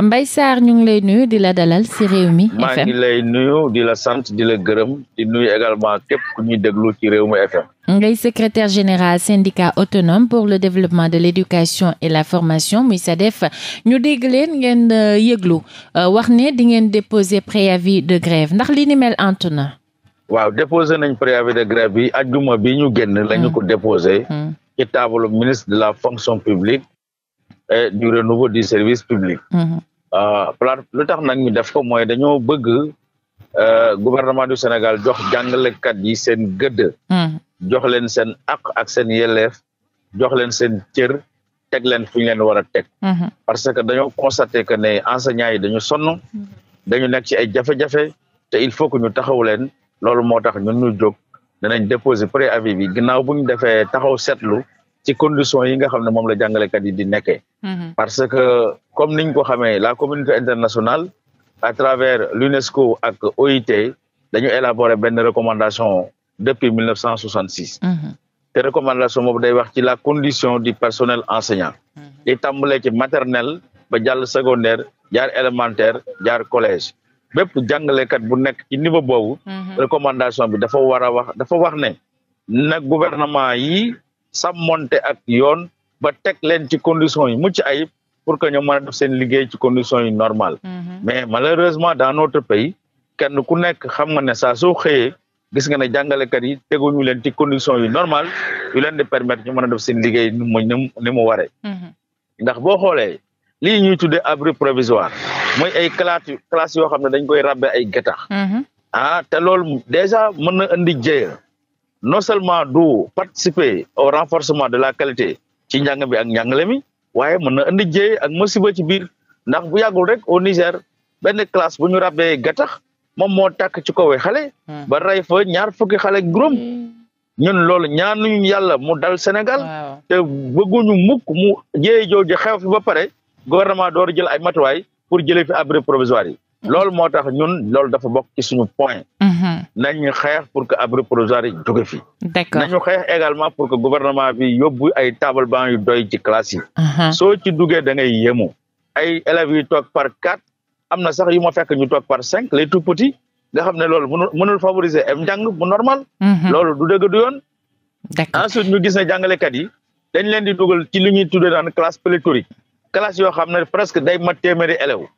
mbay Sarr ñu ngi lay nuyu di la dalal ci Rewmi FM maa ngi lay nuyu di la sant di la gërëm di nuyu également képp ku ñu déglu ci Rewmi FM ngay secrétaire général syndicat autonome pour le développement de l'éducation et la formation muy SADEF ñu dégg leen ngeen euh, yéglu euh, wax ne di ngeen déposé préavis de grève ndax li ni mel antu na waaw déposé nañ préavis de grève bi ajjuma ñu génn lañu hmm. ko déposé hmm. ci table ministre de publique et du renouveau du service public. Mm-hmm. Euh, plate lu tax nag ñu def ko mooy dañoo bëgg euh, gouvernement du Sénégal jox jàngalekat yi seen gëdd. Mm-hmm. jox leen seen àq ak seen yelleef jox leen seen cër teg leen fu ñu war a teg. Mm-hmm. parce que dañoo constaté que ne enseignants yi dañu sonn. dañu nekk ci ay jafe-jafe te il faut que ñu taxaw leen loolu moo tax ñun ñu jóg danañ déposer préavis bi ginnaaw bu ñu defee taxaw seetlu ci conditions yi nga xam ne moom la jàngalekat yi di nekkee. Mm-hmm. parce que comme niñ ko xamee la communauté internationale à travers l'UNESCO ak OIT dañu élaborer benn recommandation depuis 1966. Mm-hmm. te recommandation boobu day wax ci la condition du personnel enseignant. Mm-hmm. di tàmbalee ci maternelle ba jàll secondaire jaar élémentaire jaar collège bépp jàngalekat bu nekk ci niveau boobu. recommandation bi dafa war a wax dafa wax ne. na gouvernement yi sàmmonte ak yoon. ba teg leen ci conditions yi mucc ayib pour que ñu mën a def seen liggéey ci conditions yi normales. Mhm. mais malheureusement dans notre pays kenn ku nekk xam nga ne saa soo xëyee gis nga ne jàngalekat yi teguñu leen ci conditions yu normales yu leen di permettre ñu mën a def seen liggéey ni mu ni mu waree. Mhm. ndax boo xoolee lii ñuy tuddee abri provisoire mooy ay classes classes yoo xam ne dañ koy rabbe ay géttax. Mhm. ah te loolu déjà mën na indi non seulement du participer au renforcement de la qualité ci njàng bi ak njàngale mi waaye mën na indi jéey ak masiba ci biir ndax bu yàggul rek au Niger benn classe bu ñu ràbbee gattax moom moo tàkk ci kawe xale. Hmm. ba rey fa ñaar fukki xale juróom. Hmm. ñun loolu ñaanuñu yàlla mu dal Sénégal. te bëgguñu muk mu jéey jooju xew fi ba pare gouvernement door jël ay matuwaay pour jëlee fi abri provisoire yi. loolu moo tax ñun loolu dafa bokk ci suñu point. Mhm. nañu xeex pour que abri provisoire yi jóge fi. d'accord nañu xeex également pour que gouvernement bi yóbbu ay table banc yu doy ci classe yi. Mhm. soo ci duggee da ngay yéemu. ay élèves yu toog par quatre am na sax yu ma fekk ñu toog par cinq les tout petits nga xam ne loolu mënul mënul favoriser am njàng bu normal. Mhm. loolu du dëgg du yoon. d'accord ensuite ñu gis ne jàngalekat yi dañ leen di dugal ci li ñuy tuddee daan classe pléthorique classe yoo xam ne presque day mat téeméeri élèves.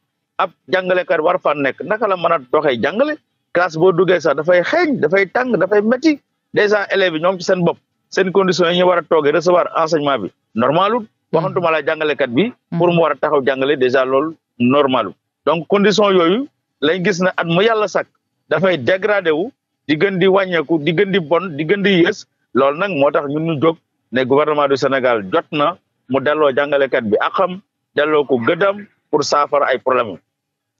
ab jàngalekat war faa nekk naka la mën a doxee jàngale classe boo duggee sax dafay xeeñ dafay tàng dafay métti dèjà élèves yi ñoom ci seen bopp seen condition yi ñu war a toogee recevoir enseignement bi normalul hmm. waxantuma la jàngalekat bi hmm. pour mu war a taxaw jàngale dèjà loolu normalul donc condition yooyu lay gis ne at mu yàlla sàkk dafay dégradé wu di gën di wàññeeku di gën di bon di gën di yées loolu nag moo tax ñun ñu jóg ne gouvernement du Sénégal jot na mu delloo jàngalekat bi ak xam delloo ko gëdam pour saafara ay problème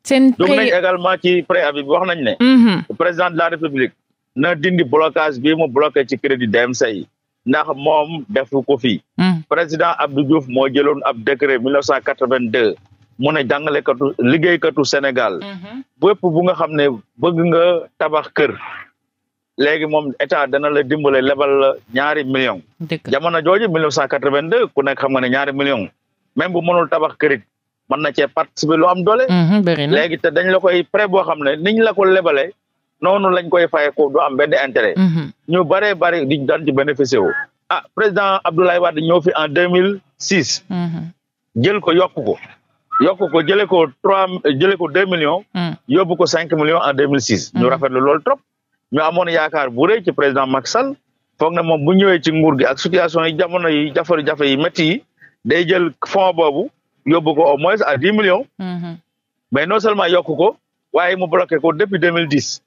seen dugg nañ également ci préavis bi wax nañ ne. Mm-hmm. président de la république. na dindi blocage bi mu bloqué ci crédit DMCA yi. ndax moom defu ko fii. Mm. président Abdou Diouf moo jëloon ab décret 1982. mu ne jàngalekatu liggéeykatu Sénégal. Mm-hmm. bépp bu nga xam ne bëgg nga tabax kër. léegi moom état dana la dimbale lebal la ñaari millions. jamono jooju 1982 ku nekk xam nga ne ñaari millions. même bu mënul tabax kërit mën na cee participer lu am doole. Mhm, bëri léegi te dañ la koy prêt boo xam ne niñ la ko lebalee noonu lañ koy fayee du am benn intérêt. Mhm. ñu baree bari di daan ci bénéficier wu. ah président Abdoulaye Wade ñëw fi en deux mille six. Mhm. jël ko yokk ko yokk ko jëlee ko trois jëlee ko deux millions. yóbbu ko cinq millions en deux mille six. ñu rafet rafetlu loolu trop ñu amoon yaakaar bu rëy ci président Macky Sall foog na moom bu ñëwee ci nguur gi ak situation yi jamono yi jafe-jafe yi métti yi day jël fonds boobu. yóbbu o au moins à dix millions. Mm-hmm. mais non seulement yokk ko waaye mu bloqué ko depuis deux mille dix.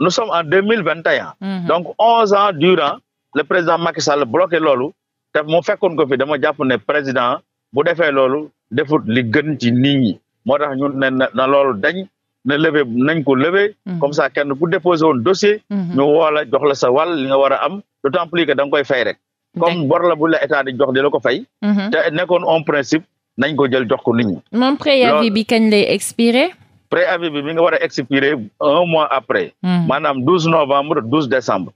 nous sommes en deux mille vingt et mm-hmm. donc onze ans durant le président Macky Sall bloqué loolu te mu fekkoon fi dama jàpp président bu defee loolu defut li gën ci nit ñi moo tax ñun ne na loolu dañ na lever nañ ko lever. Mm-hmm. comme ça kenn ku déposé woon dossier. ñu woo la jox la sa wàll li nga war a am d'autant plus que da nga koy fay rek. comme bor état di jox di te nekkoon en principe. nañ ko jël jox ko nit ñi. moom préavis bi kañ lay expiré. préavis bi bi nga war a un mois après. Hmm. maanaam douze novembre douze décembre.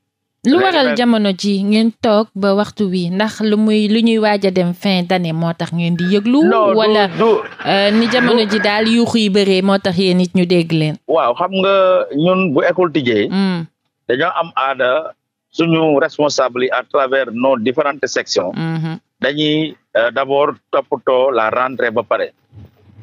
lu waral jamono ji ngeen toog ba waxtu wi ndax lu muy lu ñuy waaj a dem fin d'année moo tax ngeen di yëglu wala euh, ni jamono ji daal yuuxu yi bëree moo tax yéen nit ñu dégg leen waaw xam nga ñun bu école tijjee hmm. dañoo am aada suñu responsable yi à travers nos différentes sections hmm. dañuy euh, d'abord toppatoo la rentrée ba pare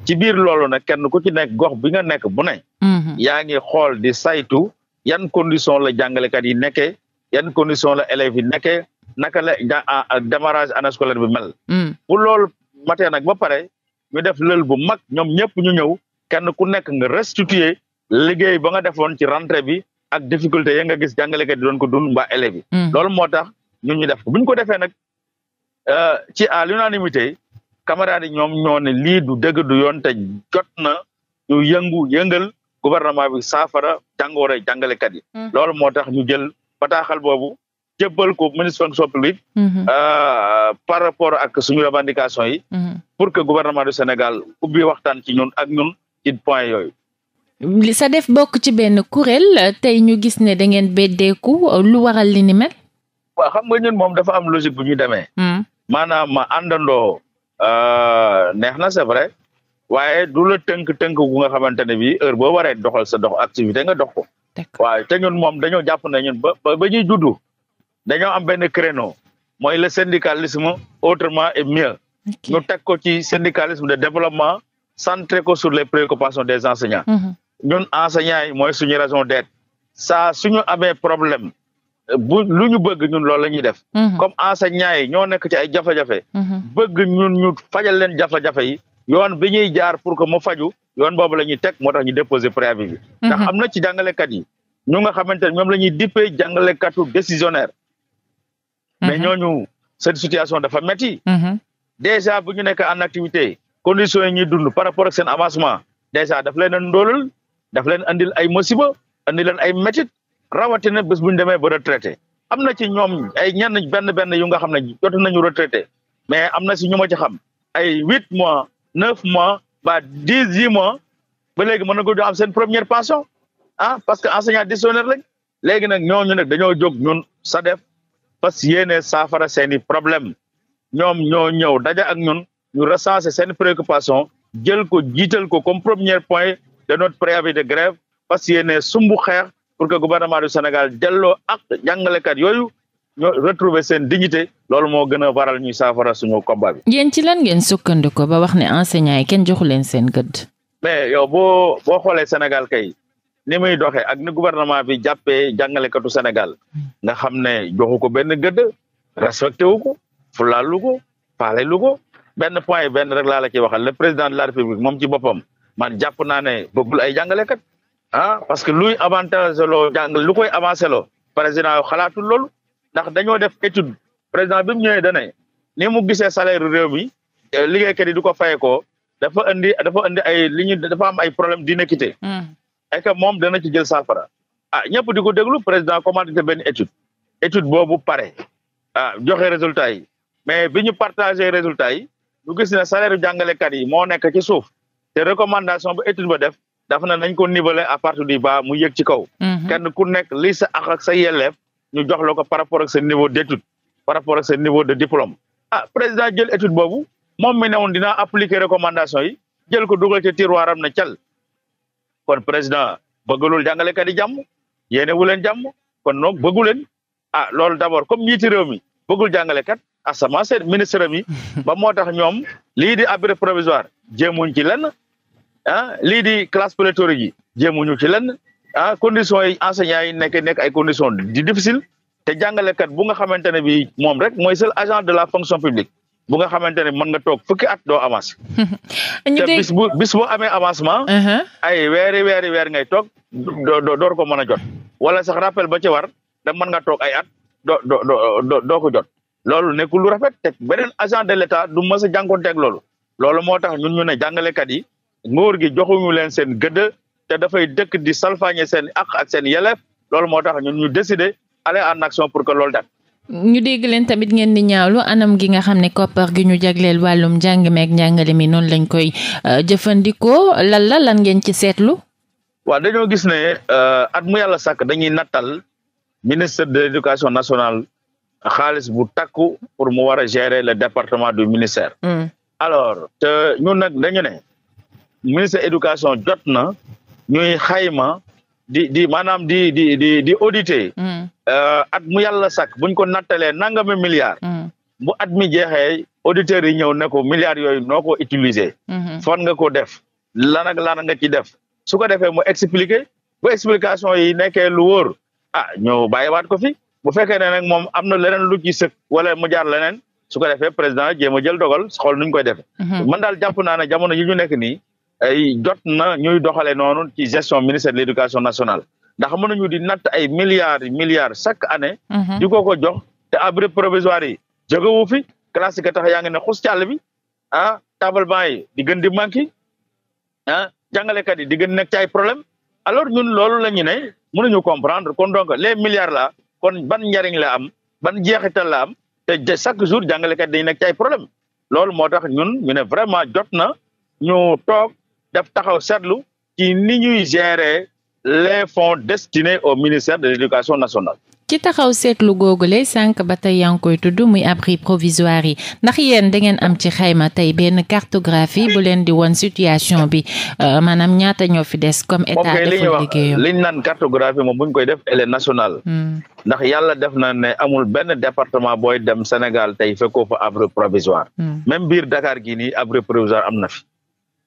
ci biir loolu nag kenn ku ci nekk gox bi nga nekk bu ne mhm. yaa ngi xool di saytu yan condition la jàngalekat yi nekkee yan condition la élèves yi nekkee naka la ah, démarrage année scolaire bi mel mm. bu loolu matee nag ba pare ñu def lël bu mag ñoom ñëpp ñu ñëw kenn ku nekk nga restituer liggéey ba nga defoon ci rentrée bi ak difficulté ya nga gis jàngalekat yi doon ko dund mbaa élèves yi mm. loolu moo tax ñun ñu def ko bu ñu ko defee nag Euh, ci à l'unanimité camarades yi ñoom ñoo ne lii du dëgg du yoon te jot na ñu yëngu yëngal gouvernement bi saafara jàngoore jàngalekat yi. Mm-hmm. loolu moo tax ñu jël bataaxal boobu jëbal ko ministre fonction publique. Mm-hmm. Euh, par rapport ak suñu revendication yi. Mm-hmm. pour que gouvernement du Sénégal ubbi waxtaan ci ñun ak ñun ci point yooyu. sa def bokk ci benn kuréel tey ñu gis ne da ngeen beddeeku lu waral li ni mel. waaw xam nga ñun mom dafa am logique bu ñuy demee. Mm. maanaam ma àndandoo euh, neex na c'est vrai waaye du la tënk-tënk gu nga xamante ne bii heure boo waree doxal sa dox activité nga dox ko. waaw te ñun moom dañoo jàpp ne ñun ba ba ñuy juddu dañoo am benn créneau mooy le syndicalisme autrement et mieux. ñu teg ko ci syndicalisme de développement centré ko sur les préoccupations des enseignants. Mm-hmm. ñun enseignants yi mooy suñu raison d'être saa suñu amee problème. bu lu ñu bëgg ñun loolu la ñuy def. Mhm. comme enseignant yi ñoo nekk ci ay jafe-jafe. Mhm. bëgg ñun ñu fajal leen jafe-jafe yi yoon bi ñuy jaar pour que mu faju yoon boobu la ñuy teg moo tax ñu déposer préavis bi. Mhm. ndax am na ci jàngalekat yi ñu nga xamante ne ñoom la ñuy dippee jàngalekatu décisionnaire. mais ñooñu cette situation dafa métti. déjà bu ñu nekk en activité conditions yi ñuy dund par rapport ak seen avancement déjà daf leen a ndóolal daf leen andil ay mosiba andi leen ay métit rawatina bés bu ñu demee ba retraité am na ci ñoom ay ñenn benn benn yu nga xam ne jot nañu retraité mais am na si ñu ma xam ay huit mois neuf mois ba dix huit mois ba léegi mën na ko am seen première pension ah parce que enseignant décisionnaire lañ léegi nag ñooñu nag dañoo jóg ñun sa def parce que yéene saafara seen i problème ñoom ñoo ñëw daja ak ñun ñu recenser seen préoccupation jël ko jiital ko comme premier point de notre préavis de grève parce que yéene sumbu xeex pour que gouvernement du Sénégal delloo ak jàngalekat yooyu ñoo retrouver seen dignité loolu moo gën a waral ñuy saafara suñu combat bi. yéen ci lan ngeen sukkandiku ba wax ne enseignants yi kenn joxu leen seen gëdd. mais yow boo boo xoolee Sénégal kay ni muy doxee ak ni gouvernement bi jàppee jàngalekatu Sénégal nga xam ne joxu ko benn gëdd respecté wu ko fulaalu ko faale lu ko benn point benn rek laa la ciy waxal le président de la république moom ci boppam man jàpp naa ne bëggul ay jàngalekat. ah parce que luy avantage loo jàng lu koy avancé loo président yoo xalaatul loolu ndax dañoo def étude président bi mu ñëwee dane ni mu gisee salaire réew mi euh, liggéeykat yi du ko fayekoo dafa indi dafa indi ay li ñu dafa am ay problème d'inéquité hmm. et que moom dana ci jël saafara ah ñëpp di ko déglu président commandité benn étude étude boobu pare ah joxe résultat yi mais bi ñu partagé résultat yi ñu gis ne salaire jàngalekat yi moo nekk ci suuf te recommandation ba étude ba def dafa na nañ ko niveler à partir du bas mu yëg ci kaw. Mhm. kenn ku nekk li sa àq ak sa yelleef ñu jox la ko par rapport ak sa niveau d' étude par rapport ak sa niveau de diplôme. ah président jël étude boobu moom mi ne woon dinaa appliquer recommandation yi jël ko dugal ci tiroir am na cal kon président bëggalul jàngalekat yi jàmm yéene wu leen jàmm kon noog bëggu leen ah loolu d' abord comme njiiti réew mi bëggul jàngalekat asamaan ah, seen ministre mi ba moo tax ñoom lii di abri provisoire jéemuñ ci lenn. ah lii di classe pléthorique yi jéemuñu ci lenn ah conditions yi enseignants yi nekk nekk ay conditions di difficile te jàngalekat bu nga xamante ne bi moom rek mooy seul agent de la fonction publique bu nga xamante ne mën nga toog fukki at doo avance te bis bo bis boo amee avancement uh-huh. ay weeri weeri weer ngay toog doo door ko mën a jot wala sax rappel ba ci war da mën nga toog ay at doo doo doo ko jot loolu nekkul lu rafet te beneen agent de l' état du mës a jànkoonteeg loolu loolu moo tax ñun ñu ne jàngalekat yi nguur gi joxuñu leen seen gëdd te dafay dëkk di salfaañe seen ak ak seen yelef loolu moo tax ñun ñu décider aller en action pour que loolu dat ñu dégg leen tamit ngeen di ñaawlu anam gi nga xam ne koppar gi ñu jagleel wàllum njàng meeg njàngale mi noonu lañ koy euh, jëfandikoo lan la lan ngeen ci seetlu. waaw dañoo gis ne euh, at mu yàlla sakk dañuy nattal ministre de l'éducation nationale xaalis bu takku pour mu war a gérer le département du ministère. Mm. alors te ñun ministre éducation jot na ñuy xayma di di maanaam di di di di auditer. Mm. Euh, at mu yàlla sakk buñ ko nattalee nangami milliards. Mm. bu at mi jeexee auditeurs yi ñëw ne ko milliards yooyu noo ko utiliser. Mm-hmm. fan nga ko def lana ak nga ci def su ko defee mu expliquer bu explication yi nekkee lu a ah ñëw bàyyiwaat ko fi bu fekkee ne nag moom am na leneen lu ci sëkk wala mu jaar leneen su ko defee président jéem a jël dogal xool nuñ koy defee. Mm-hmm. man daal jàpp jamono yi ñu nekk nii. ay jot na ñuy doxalee noonu ci gestion ministère de l' éducation nationale ndax mënuñu di natt ay milliards yi milliards chaque année. Mhm. di ko ko jox te abri provisoire yi jógewu fi a ga tax yaa ngi ne xus ci a bi ah table banc yi di gën di manqué ah jàngalekat yi di gën nekk ci ay problème alors ñun loolu la ñu ne mënuñu comprendre kon donc les milliards la kon ban njariñ la am ban jeexital la am te chaque jour jàngalekat dañu nekk ci ay problème loolu moo tax ñun ñu ne vraiment jot na def taxaw seetlu ci ni ñuy gérer les fonds destinés au ministère de l'éducation nationale. ci taxaw seetlu googule sànq ba tey yaa ngi koy tudd muy abri provisoire yi ndax yéen da ngeen am ci xayma tey benn cartographie bu leen di won situation bi euh, maanaam ñaata ñoo fi des comme état deful liggéeyam liñ naan cartographie moom buñ koy def elle national hmm. ndax yàlla def na ne amul benn département booy dem Sénégal tey fekkoo fa abri provisoire hmm. même biir Dakar gii nii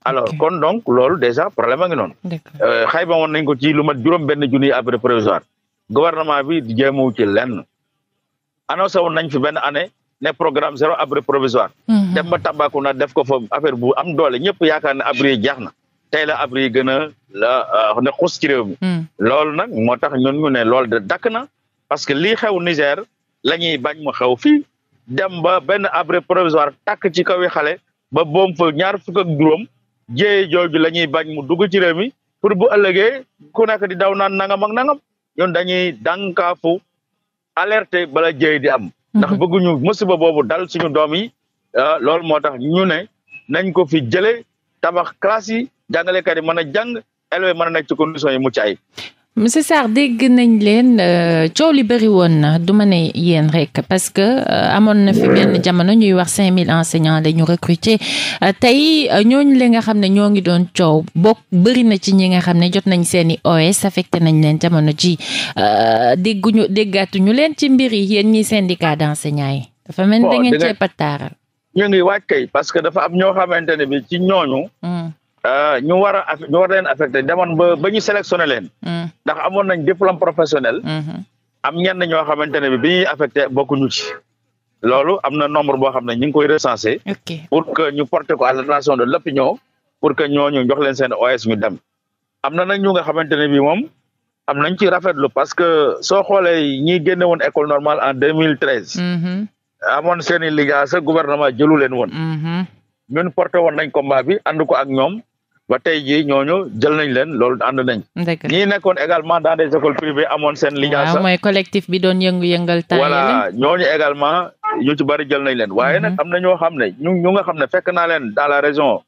alors kon donc loolu déjà problème a ngi noonu. Euh, xayma woon nañ ko ci lu mat juróom benn junniy abri provisoire gouvernement bi di jéemoo ci lenn annoncé woon nañ fi benn année ne programme zéro abri provisoire. Mhm. dem ba na def ko fa affaire bu am doole ñëpp yaakaar ne abri yi jeex na tey gën euh, ne xus ci réew mi. Hmm. loolu nag moo tax ñun ñu ne loolu de dakk na parce que lii xew Niger la ñuy bañ mo xew fii dem ba benn abri provisoire takk ci kaw yi xale ba boom fa ñaar fukk ak juróom. jéye jooju la ñuy bañ mu dugg ci réew mi pour bu ëllëgee ku nekk di daw naan nangam ak nangam ñun dañuy dànkaafu alerter bala jéy di am ndax mhm. bëgguñu musiba boobu dal suñu doom yi ah, loolu moo tax ñu ne nañ ko fi jële tabax classe yi jàngalekat yi mën a jàng élèves mën a nekk ci conditions yi mucc ayib monsieur Sarr dégg nañ leen euh, coow li bëri woon na du ma ne yéen rek parce que euh, amoon na fi benn jamono ñuy wax cinq mille enseignants la ñu recruter euh, tey ñooñu li nga xam ne ñoo ngi doon coow bokk bëri na ci ñi nga xam ne jot nañ seen i OS affecté nañ leen jamono ji dégguñu déggaatuñu leen ci mbir yi yéen ñi syndicat d'enseignants yi dafa mel da ngeen ñu ngi wàcc kay parce que dafa am ñoo xamante ne bi ci ñooñu hmm. Euh, ñu war a ñu war leen affecté demoon ba ba ñu sélectionné leen. Mm. ndax amoon nañ diplôme professionnel. Mm-hmm. am ñenn ñoo xamante ne bi bi ñuy affecté bokkuñu ci. loolu am na nombre boo xam ne ñu ngi koy recensé. pour que ñu porter ko à l'attention de l'opinion pour que ñooñu jox leen seen OS ñu dem. am na ñu nga xamante ne bi moom am nañ ci rafetlu parce que soo xoolee ñi génne woon école normale en deux mille treize. Mm-hmm. amoon seen i liggéey sa gouvernement jëlu ñun porté woon nañ combat bi ànd ko ak ñoom wa tey jii ñooñu jël nañ leen loolu ànd nañ. ñii nekkoon également dans des écoles privées amoon seen. liggéey waaw mooy collectif bi doon yëngu-yëngal. temps voilà ñooñu également ñu ci bari jël nañ leen. waaye mhm. nag am na xam ne ñu ñu nga xam ne fekk naa leen dans la région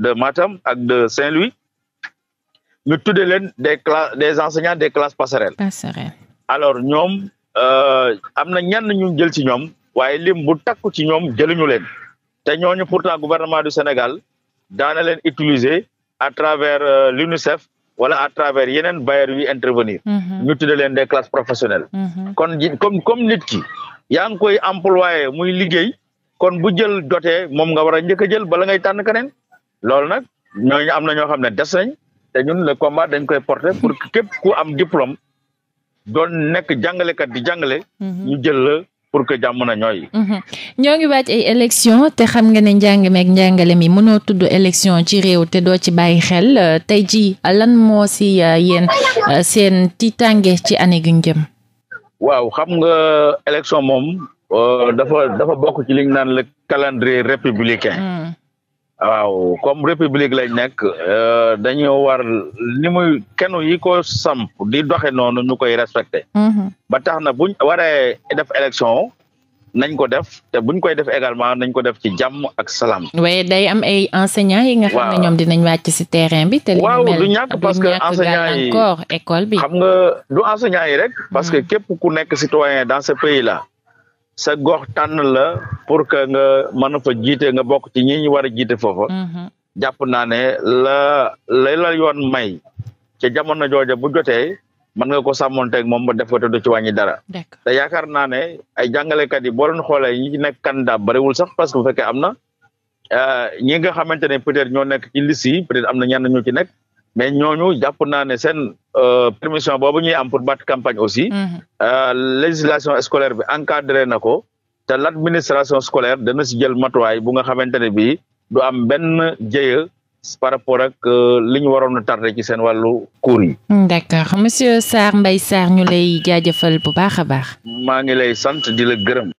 de Matam ak de Saint-Louis ñu tuddee leen des classes des enseignants des classes passerelles. alors ñoom euh, am na ñenn ñu jël ci ñoom waaye lim bu takku ci ñoom jëluñu leen. te ñooñu pourtant gouvernement du Sénégal daana leen utiliser à travers euh, l'UNICEF wala à travers yeneen bailleurs yuy intervenir. Mhm. ñu tuddee leen des classes professionnelles. Mhm. kon comme comme nit ki yaa ngi koy employé muy liggéey kon bu jël jotee moom nga war a njëkk a jël bala ngay tànn keneen loolu nag ñooñu am ñoo xam ne des nañ te ñun le combat dañ koy porter pour que képp ku am diplôme doon nekk jàngalekat di jàngale. Mhm. ñu jël pour que jàmm na ñooy. Mhm. ñoo ngi waaj ay élection te xam nga ne njàng meeg njàngale mi mënoo tudd élection ci réew te doo ci bàyyi xel euh, tey ji lan moo si euh, yéen euh, seen tiitaange ci année gi jëm. waaw xam nga élection moom dafa bokk ci li ñu naan le calendrier républicain. Mm. waaw comme république lañ nekk euh, dañoo war ni muy kenn yi ko samp di doxe noonu ñu koy respecté mm-hmm. ba tax na buñ waree def élection nañ ko def te buñ koy def également nañ ko def ci jàmm ak salaam waaye day am ay enseignants yi nga xam ne ñoom dinañ wàcc ci terrain bi te li waaw du ñàkk parce que enseignants yi encore xam nga du enseignants yi rek parce que mm-hmm. képp ku nekk citoyen dans ce pays là sa gox tànn la pour que nga mën a fa jiite nga bokk ci ñi ñu war a jiite foofa mm-hmm. jàpp naa ne la lay la yoon may ca jamono jooja bu jotee mën nga ko sàmmonteeg moom ba def ko te du ci wàññi dara te yaakaar naa ne ay jàngalekat yi boo leen xoolee ñi ci nekk candidat bariwul sax parce que bu fekkee am na euh, ñi nga xamante ne peut-être ñoo nekk ci liste yi peut-être am na ci nekk mais ñooñu jàpp naa ne seen euh, permission boobu ñuy am pour battre campagne aussi. Mhm. Euh, législation scolaire bi encadré na ko te l' administration scolaire dana si jël matuwaay bu nga xamante ne bii du am benn jéeya. par rapport ak euh, li ñu waroon a ci seen wàllu cours yi. d' accord monsieur Sarr Mbaye Sarr ñu lay jaajëfal bu baax a baax. maa ngi lay sant di la gërëm.